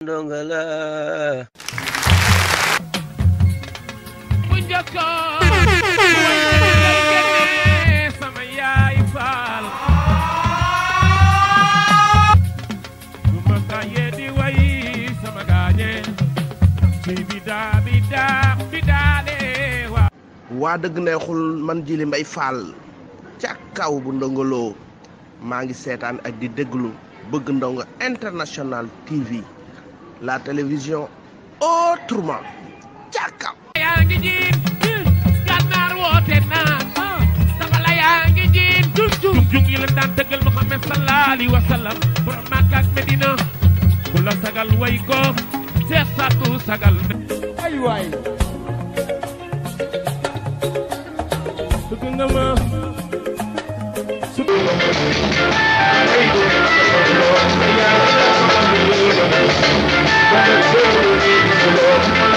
Donggala. Munjaka. Sama yaay faal. Duma kaye di way wa. deug neexul man jili mbay bu ndongolo. ak di international TV la télévision autrement Tchaka. Thank you. Thank you.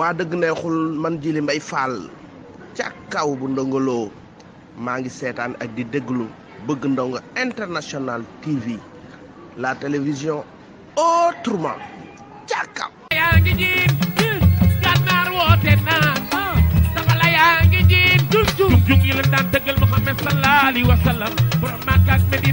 wa deug neexul man jili mbay faal ca kaw bu ndongolo ma ngi setan ak di deglu beug ndong international tv la television autrement ca kaw jiin jiin jum jum jum yi